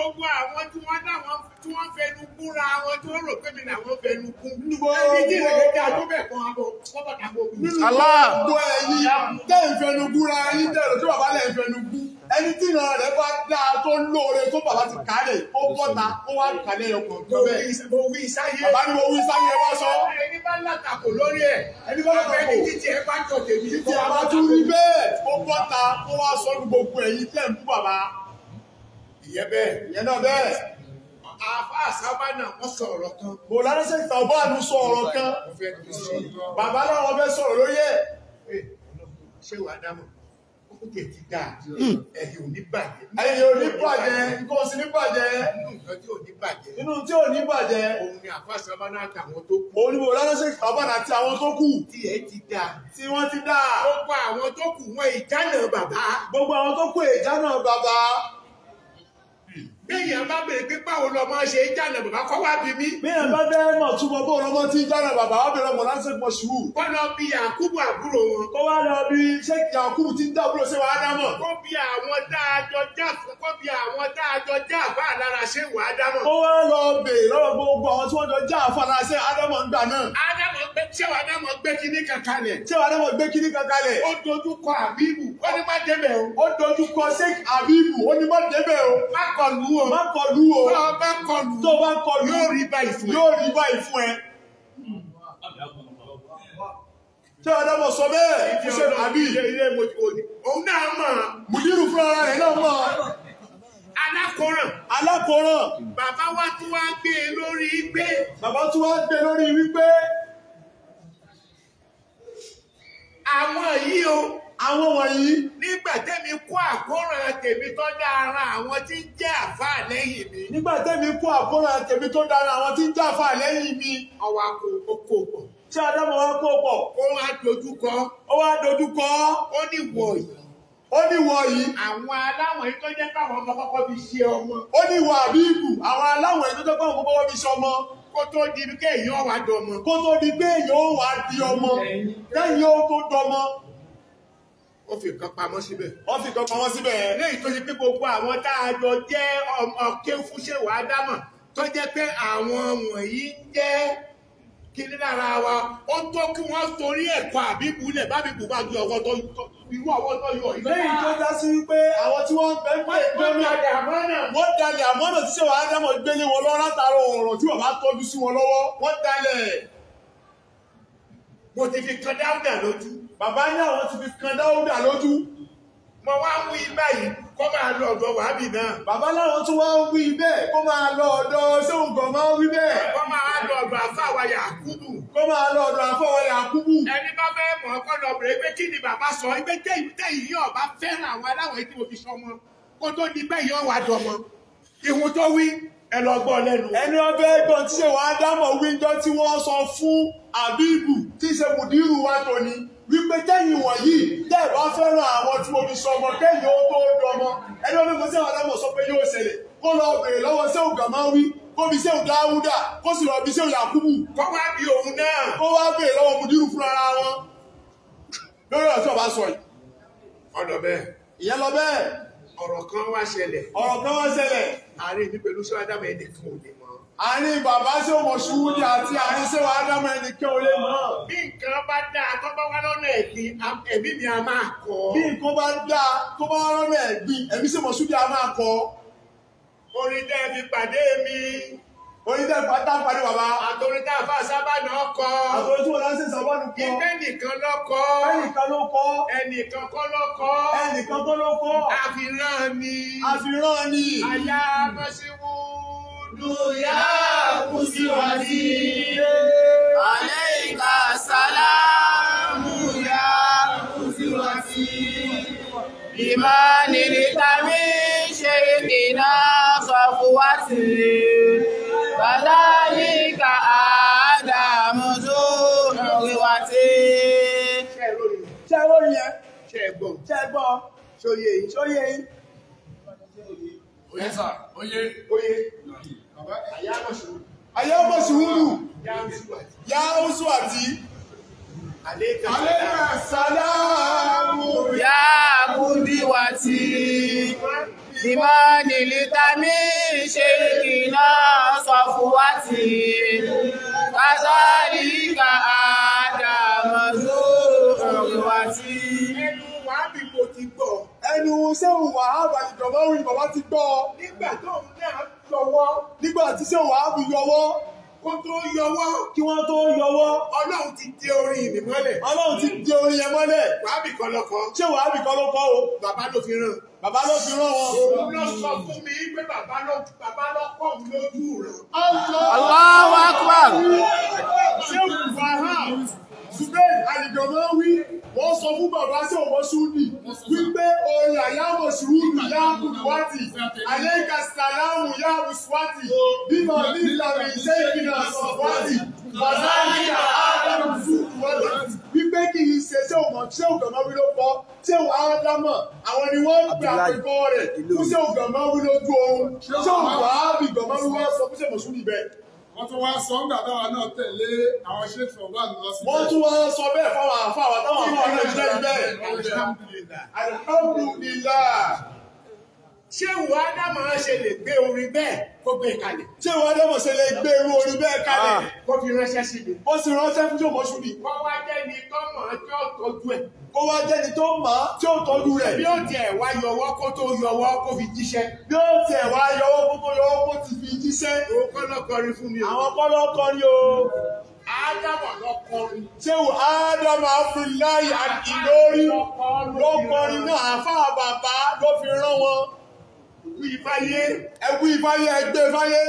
gbogbo àwọn tí wọ́n dá wọn tí wọ́n fẹnu kúnra wọn tí wọ́n rò pé mi làwọn fẹnu kún. ẹni tí ìrèké dá tó bẹ̀ kan àbọ̀ kọ́kọ́ tà gbogbo. nínú gbogbo ẹ̀yin tẹ́ ń fẹnu kúnra ẹni tẹ́ lọ sí bàbá lẹ́ ń fẹnu kú. ẹni tí ìran rẹ̀ bá dá tó lóore tó bàbá ti kálẹ̀ ó bọ́ta ó wá kálẹ̀ ọkàn tó bàbá ni mo wí sáyé wá sọ. ẹni bá ìyẹn bẹ́ẹ̀. ìyẹn náà bẹ́ẹ̀. àfa àsábà náà wọ́n sọ ọ̀rọ̀ kan. mo lára ṣe ìta ọba àánú sọ ọ̀rọ̀ kan. bàbá náà wọ́n fẹ́ sọ̀rọ̀ lórí ẹ̀. ṣé wàá dámọ̀ ó tẹ̀ ti dáa ẹ̀yìn ò ní bàjẹ́. ẹ̀yìn ò ní bàjẹ́ nǹkan ọ̀sìn ní bàjẹ́. nínú tí ò ní bàjẹ́. nínú tí ò ní bàjẹ́. òun ni àfàṣàbá náà àtàwọn tó kù. òun ni mo lọ́dọ́ sí bàbá náà ti àwọn tó kù. tí ti dáa. tí wọ́n ti dáa. gbogbo àwọn tó kù wọn ìjánà bàbá. gbogbo àwọn tó kù ìjánà bàbá. Hmm. béèyàn bá béèrè pé báwo lọmọ ṣe ń jànà bàbá kọ́ wá bí mi. béèyàn bá bẹ́ẹ̀ mọ̀ túbọ̀ bó lọmọ ti ń jànà bàbá wá bẹ̀rẹ̀ mọ̀ láti mọ̀ sùúrù. kọ́ lọ bí Yakubu àbúrò wọn. kọ́ wá lọ bí ṣé Yakubu ti ń dá àbúrò ṣé wàá dámọ̀. kọ́ bí àwọn dáadọ́ já fún kọ́ bí àwọn dáadọ́ já àfa lára ṣé wàá dámọ̀. ó wá lọ bèè lọ́wọ́ gbogbo àwọn tí wọ́n jọ já àfa lára ṣé Ádámọ̀ ń gbà náà. Ádámọ̀ gbé ṣé wàá o. ó dojú o. Má kọlù o. Bá a bá kọlù. Tó bá kọlù. Yóò rí báyìí fún ẹ. Yóò rí báyìí fún ẹ. Ṣé Adámọ̀ sọ bẹ́ẹ̀? Ṣé àbí? Òun náà mọ̀. Mùdírù fún ara rẹ̀ náà mọ̀. Alákòóràn. Alákòóràn. Bàbá wa tún wá gbé e lórí wípé. Bàbá tún wá gbé e lórí wípé. Àwọn yìí o àwọn wọ̀nyí. nígbà tẹ́mi kó àkóràn tèmi tó dára àwọn tí ń jẹ́ àfáà lẹ́yìn mi. nígbà tẹ́mi kó àkóràn tèmi tó dára àwọn tí ń jẹ́ àfáà lẹ́yìn mi. ọwọ́ àkó okó pọ̀. tí adamu wa kó pọ̀. ó wá dojú kọ. ó wá dojú kọ. ó ní wọ̀nyí. ó ní wọ̀nyí. àwọn aláwọ̀ yìí tó jẹ́ káwọn ọmọ kọ́kọ́ fi ṣe ọmọ. ó ní wọ àbíkù àwọn aláwọ̀ yìí tó jẹ́ káwọn kó tó di pé èèyàn wà dọmọ. kó tó di pé èèyàn wà di ọmọ lẹ́yìn ó tó dọmọ ó fi nǹkan pamọ́ síbẹ̀. ó fi nǹkan pamọ́ síbẹ̀. lẹ́yìn tó ṣe pé gbogbo àwọn tá a jọ jẹ́ ọ̀kẹ́fúnṣẹ́wò ádámọ̀ tó jẹ́ pé àwọn wọ̀nyí jẹ́ kíní lára wa ó tó kí wọ́n torí ẹ̀kọ́ àbíkú lẹ̀ bábíkú bá ju ọwọ́ tó irú ọwọ́ tó yọ ìlú. lẹ́yìn tó dá sí wípé àwọn tí wọ́n bẹ́ẹ̀ pé gbẹ́mí wọ́n dalẹ̀ àmọ́nà tí ṣèwà ádámọ̀ gbélé wọn lọ́wọ́ látara ọ̀rọ̀ tí bàbá tọ́jú sí wọn lọ́wọ́ wọ́n dalẹ̀. mo ti fi kan dáúdà lójú bàbá ní àwọn ti fi kan dáúdà lójú mo wá wí báyìí kó máa lọ ọ̀dọ̀ wàhábì náà. bàbá láwọn tún wá ń wí bẹ́ẹ̀ kó máa lọ ọ̀dọ̀ sóhun kan máa ń wí bẹ́ẹ̀. kó máa lọ ọ̀dọ̀ àfáwà Yakubu. kó máa lọ ọ̀dọ̀ àfáwà Yakubu. ẹni bá fẹ́ mọ̀ ọ́ kọ́ lọ bẹ̀rẹ̀ pé kí ni bàbá sọ ẹgbẹ́ tẹ̀yìn yóò bá fẹ́ràn àwọn aláwọ̀ ètò òbí sọmọ kó tó di pé yóò wá dọmọ. ìhun tó wí ẹ lọ gbọ́ lẹ́nu. ẹni ọbẹ̀ ẹgbọ́n tí ṣe wàá dámọ̀ wíńdọ́ tí wọ́n sọ fún àbíbù tí ṣe mùdírù wa tòní wípé tẹ́yìn wọ̀nyí tẹ́ ẹ bá fẹ́ràn àwọn tí mo fi sọmọ kẹ́yìn ó tó dọmọ ẹni wọn fẹ́ sí àwọn adámọ̀ sọ pé yóò ṣẹlẹ̀ kó lọ bèrè lọ́wọ́ sí ògà máa wí kó fi sí òdà áwúdà kó sì lọ fi sí òyàkúbù kó wá bí òun náà kó wá bèrè lọ́wọ́ mudiru fúnra ara wọn lórí ọ̀rọ̀ tí ọba sọ yìí. ọ̀dọ̀ bẹ́ẹ̀. ìyẹn lọ bẹ́ẹ̀. ọ̀rọ̀ kan wá ṣẹlẹ̀. ọ̀rọ̀ kan wá ṣẹlẹ̀. àárín mi pẹ̀lú sọ́wọ́dàmọ̀ ẹ̀dẹ̀ kan àárín bàbá sí òmòṣù ni àti àárín sí wa ádámù ẹnìkan ò lè mọ̀. bí nǹkan bá dáa tó bá wá lọ́nà ẹ̀gbin ẹ̀mí mi a máa kọ́. bí nǹkan bá dáa tó bá wá lọ́nà ẹ̀gbin ẹ̀mí sí òmòṣù ni a máa kọ́. orin tẹ́ ẹ fi pàdé mi. orin tẹ́ ẹ fi tá a pàdé bàbá. àtòrin tá a fa sábàánù ọkọ. àtòrin tí wọn lọ sí sábàánù kọ. ìgbẹ́ nìkan ló kọ. ẹnìkan ló kọ. ẹnìkan kọ́ ló kọ. ẹnìkan kọ́ ló kọ. àfihàn ni. àfihàn ni. àyà mọ́síwú. Nuya kusiwati. Aleika salamu ya kusiwati. Imani nitami sheikhina safuwati. Kadhalika Adamu zuriwati. Ṣé ẹ lórí yẹn? Ṣé ẹ gbọ́? Ṣé ẹ gbọ́? Ṣòye yìí. Ṣòye yìí. Oyè sà, oyè. Oyè ayáwó sùúrù ya sùwàtí alẹ́kà sàlámù yáàkúndíwàtí ìmọ̀ni lítàmí ṣe ìkìlá sọ̀fúwàtí kásálíkà àdàmọ̀sù ọ̀gbọ̀wàtí. ẹnu wàá bí mo ti gbọ́. ẹnu sẹ́wọ̀n wàá bàjẹ́ ìjọba orin bàbá ti gbọ́. nígbà tó ń nígbà tí ṣé wàhábù yọwọ́ kó tó yọwọ́ kí wọ́n tó yọwọ́ ọlọ́run ti dé orí ìní mọ́lẹ̀ ọlọ́run ti dé orí yẹn mọ́lẹ̀ wàhábì kan ló kọ́ ṣé wàhábì kan ló kọ́ o bàbá ló fi ràn bàbá ló fi ràn wọn. òun ló sọ fún mi pé bàbá ló kọ́ lójú rẹ̀. Allahu Akbar. sọ fún bàbá sí òmòṣúlì wípé orin àyàwó ṣùrùdù yá kùwátì àyẹ́ka sàlámù yá kùsùwátì bímọ nígbà mi ṣe ìpinnu àṣọwátì bàbá nígbà ádámù ṣùkùwátì wípé kì í ṣe ṣé òmò ṣé ògànmọ́ wí ló pọ̀ ṣé ádámọ̀ àwọn ni wọ́n gbé àpèkọ́ rẹ̀ fún ṣé ògànmọ́ wí lójú oorun ṣé ògànmọ́ wí lójú oorun ṣé ògànmọ́ wí lójú oorun wọ́n tún wá sọ ńgbà táwa náà tẹ̀lé àwọn ṣéèkì ọ̀gbà mi lọ sí. wọ́n tún wá sọ bẹ́ẹ̀ fáwọn àfáwọn táwọn àfáwọn náà ṣe bẹ́ẹ̀ ṣé ìwọ ádámà ṣe lè gbé orin bẹ́ẹ̀ kó gbé e kalẹ̀. ṣé ìwọ ádámà ṣe lè gbé irú orin bẹ́ẹ̀ ah. kalẹ̀. kó fi ránṣẹ́ sí mi. ó sì ránṣẹ́ fún jòmọ́ ṣù ni. kó wá jẹ́ni tó mọ̀ ọ́ tí ó tọ́jú ẹ̀. kó wá jẹ́ni tó mọ̀ ọ́ tí ó tọ́jú rẹ̀. bí ó tiẹ̀ wá yọwọ́ kó tó yọwọ́ kó fi jíṣẹ́. bí ó tiẹ̀ wá yọwọ́ kó tó yọwọ́ kó ti fi jíṣẹ́. òun kọ́ lọ́kọrin fún mi o. àwọn kọ́ lọ́kọrin o. Ádámà Ṣé o Ádámà fi láyà ìlórí lọ́kọrin náà àfáà bàbá ló fi rán wọn? wí fáyé ẹ wí fáyé ẹ gbé fáyé.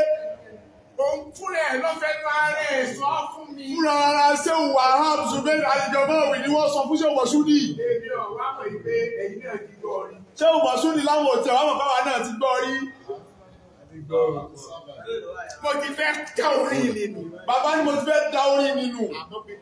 òun fúnra ẹ lọ́fẹ́ parẹ́ ẹ̀ sọ fún mi. fúnra ara ṣé wà á ṣùgbọ́n àjọ náà wì ni wọ́n sọ fún ṣé wọ́n sún ní. èmi ò wá mọ̀ ìpè ẹ̀yin náà ti gbọ́ rí. ṣé wọ́n sún ní láwọn òtí àwọn bàbá náà ti gbọ́ rí. mo ti fẹ́ dá orin nínú. bàbá ni mo ti fẹ́ dá orin nínú. àtọ́pẹ́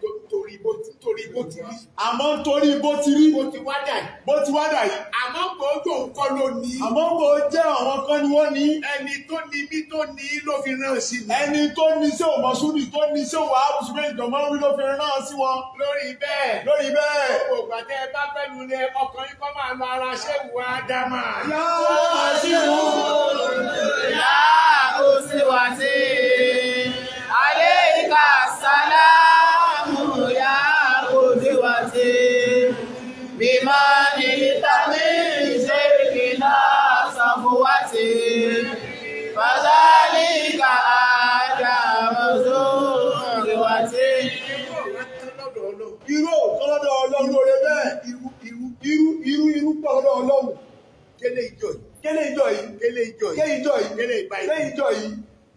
bó ti torí bó ti rí. àmọ́ torí bó ti rí. bó ti wá dà yìí. bó ti wá dà yìí. àmọ́ kò jò ń kọ́ ló ní. àmọ́ kò jẹ́ àwọn kan ni wọ́n ní. ẹni tó ní bí tó ní ló fi rán sí mi. ẹni tó ní sí òmọ̀súnì tó ní sí òwà àbùsùnmí ìjọba wí ló fi rán sí wọn. lórí bẹ́ẹ̀. lórí bẹ́ẹ̀. gbogbo àtẹ bá fẹ́ nu lẹ ọkùnrin kọ́ máa lọ ara ṣé ìwà ádámà. yóò wá sí wù. yá sí Bimani بما جئت من شركنا صفوة فذلك آدم زوجوة irú ọ̀tọ́lọ́dọ̀ ọlọ́run lóore bẹ́ẹ̀ irú irú irú irú pọ̀ lọ́dọ̀ ọlọ́run kélé ìjọ yìí kélé ìjọ yìí kélé ìjọ yìí kélé ìjọ yìí kélé ìbáyìí kélé ìjọ yìí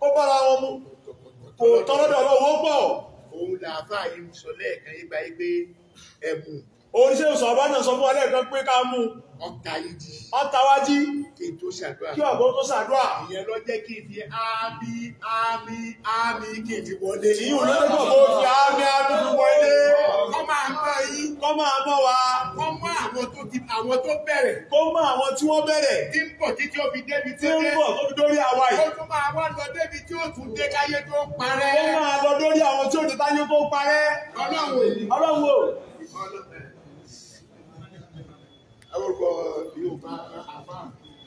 ó bára wọn mú kò tọ́lọ́dọ̀ ọlọ́run ó pọ̀ òun làáfàá yìí sọ lẹ́ẹ̀kan yìí báyìí pé ẹ̀bùn oníṣẹ́ òsàn ọba náà sọ fún ọlẹ́ẹ̀kan pé ká mú ọ̀tàwájí kí ọ̀gbọ́n tó ṣàdúrà ìyẹn ló jẹ́ kí n fi ámì ámì ámì kí n fi wọlé ìyí ò lọ́dọ̀ kò fi ámì ámì fi wọlé kó máa mọ́ yín kó máa mọ́ wa kó mọ́ àwọn tó ti àwọn tó bẹ̀rẹ̀ kó mọ́ àwọn tí wọ́n bẹ̀rẹ̀ tí ń bọ̀ títí ó fi débi tí ó dé tí ń bọ̀ tó fi dórí àwa yìí ó tún máa wá lọ débi tí ó tún dé káyé tó parẹ́ ó orúkọ yorùbá àfà.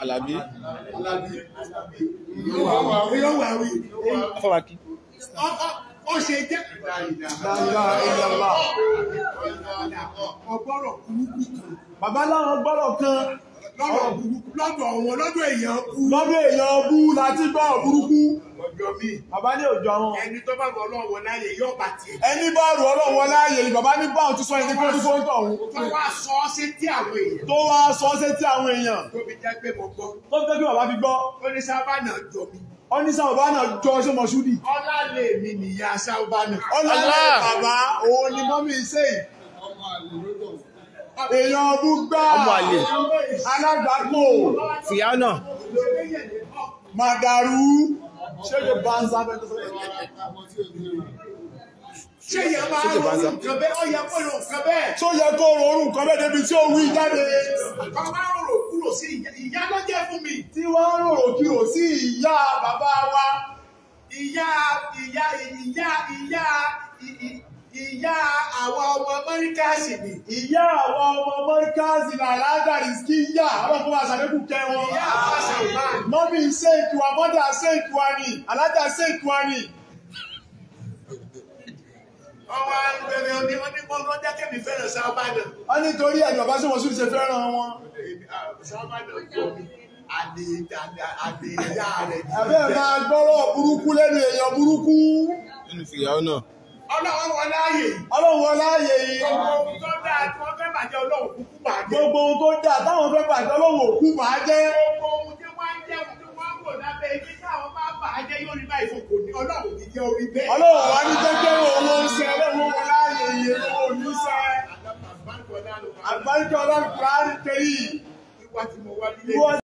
Alábí. Alábí. Ìyọ̀wáwí. Afọwákí. Ó ṣe jẹ́. Ọgbọ́rọ̀ kúrúkú kan. Bàbá láwọn gbọ́rọ̀ kan lọ́dọ̀ burúkú lọ́dọ̀ wọn lọ́dọ̀ èèyàn bú. lọ́dọ̀ èèyàn bú láti gbọ́ burúkú. ọjọ́ mi bàbá ní òjò àwọn. ẹni tó bá rọ ọlọ́wọ́ láàyè yóò bà tiẹ̀. ẹni bá rọ ọlọ́wọ́ láàyè ni bàbá ní báwọn ti sọ ẹni pé ti sọ ń tọ̀ òun. tó wá sọ ọ́ sí tí àwọn èèyàn. tó wá sọ ọ́ sí tí àwọn èèyàn. tó fi jẹ́ pé mo gbọ́. tó fi jẹ́ pé bàbá fi gbọ́. ó ní sábà náà jọ mi ọ́nísà ọba náà jọ ọṣẹ́ mọ̀ṣúdì. mi nìyá sábà náà. bàbá òun ni mọ́mí iṣẹ́ èèyàn búgbà alágbàpò fìyánà màdàrú ṣé yóò bá ń sábẹ́ tó fẹ́ ṣé yẹ máa ń ronú nǹkan bẹ́ẹ̀ ọ̀yẹ́ kó ronú nǹkan bẹ́ẹ̀. tó yẹ kó ronú nǹkan bẹ́ẹ̀ débi tí ó wí jáde. bàbá máa ń rorò kúrò sí ìyá ló jẹ́ fún mi. tí wọ́n ń rorò kúrò sí ìyá bàbá wa ìyá ìyá ìyá ìyá ìyá àwa ọmọ mọ́ríkàsì ni. ìyá àwa ọmọ mọ́ríkàsì ni aláàdàrí kí yá ọlọ́pàá wa ṣàlékún kẹ́ wọn. ìyá àwa ṣàlùmá. mọ́mí ṣe ìtura mọ́dà ṣe ìtura ni aláàdà ṣe ìtura ni. ọmọ àgbẹ̀rẹ̀ òní wọn ní gbogbo ọjọ́ kẹ́mi fẹ́ràn sábàdàn. wọ́n ní torí ẹ̀yìn ọ̀bá sọ̀rọ̀ sórí ṣe fẹ́ràn wọn. sábàdàn kò ní àdéyà rẹ̀. àbẹ́ẹ̀ máa gbọ́rọ̀ burúkú lẹ́nu èèyàn burúkú. nínú fìyàwó náà. Ọlọ́run wọ láàyè. Ọlọ́run wọ láàyè yìí. Gbogbo ohun tó dáa tí wọ́n fẹ́ bàjẹ́ Ọlọ́run kúkú bàjẹ́. Gbogbo ohun tó dáa táwọn fẹ́ bàjẹ́ Ọlọ́run òkú bàjẹ́. Gbogbo ohun tí wọ́n ń jẹun tí wọ́n ń wò lábẹ́ ibi táwọn bá bàjẹ́ yóò rí báyìí fòkò ní Ọlọ́run ní jẹ́ orí bẹ́ẹ̀. Ọlọ́run wá ní jẹ́jẹ́ owó ń sẹ Ọlọ́run wọ láàyè yìí owó ní sẹ. Àgbáríjọ Ọlọ́run kò